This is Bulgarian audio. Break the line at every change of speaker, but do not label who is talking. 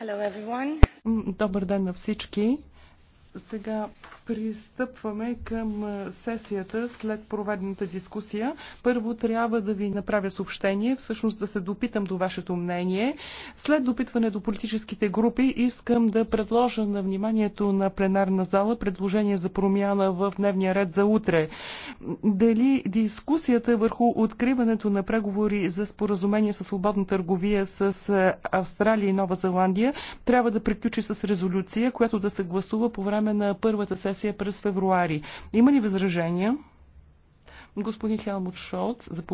Hello everyone. Добър ден на всички. Сега пристъпваме към сесията след проведената дискусия. Първо трябва да ви направя съобщение, всъщност да се допитам до вашето мнение. След допитване до политическите групи искам да предложа на вниманието на пленарна зала предложение за промяна в дневния ред за утре дали дискусията върху откриването на преговори за споразумение с свободна търговия с е, Австралия и Нова Зеландия трябва да приключи с резолюция, която да се гласува по време на първата сесия през февруари. Има ли възражения?
Господин Хелмут Шолц, заповядайте.